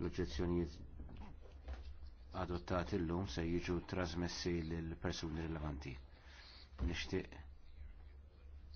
l-oġġezzjonijiet adottati llum se jiġu trasmessi lill persuni rilevanti. Nixtieq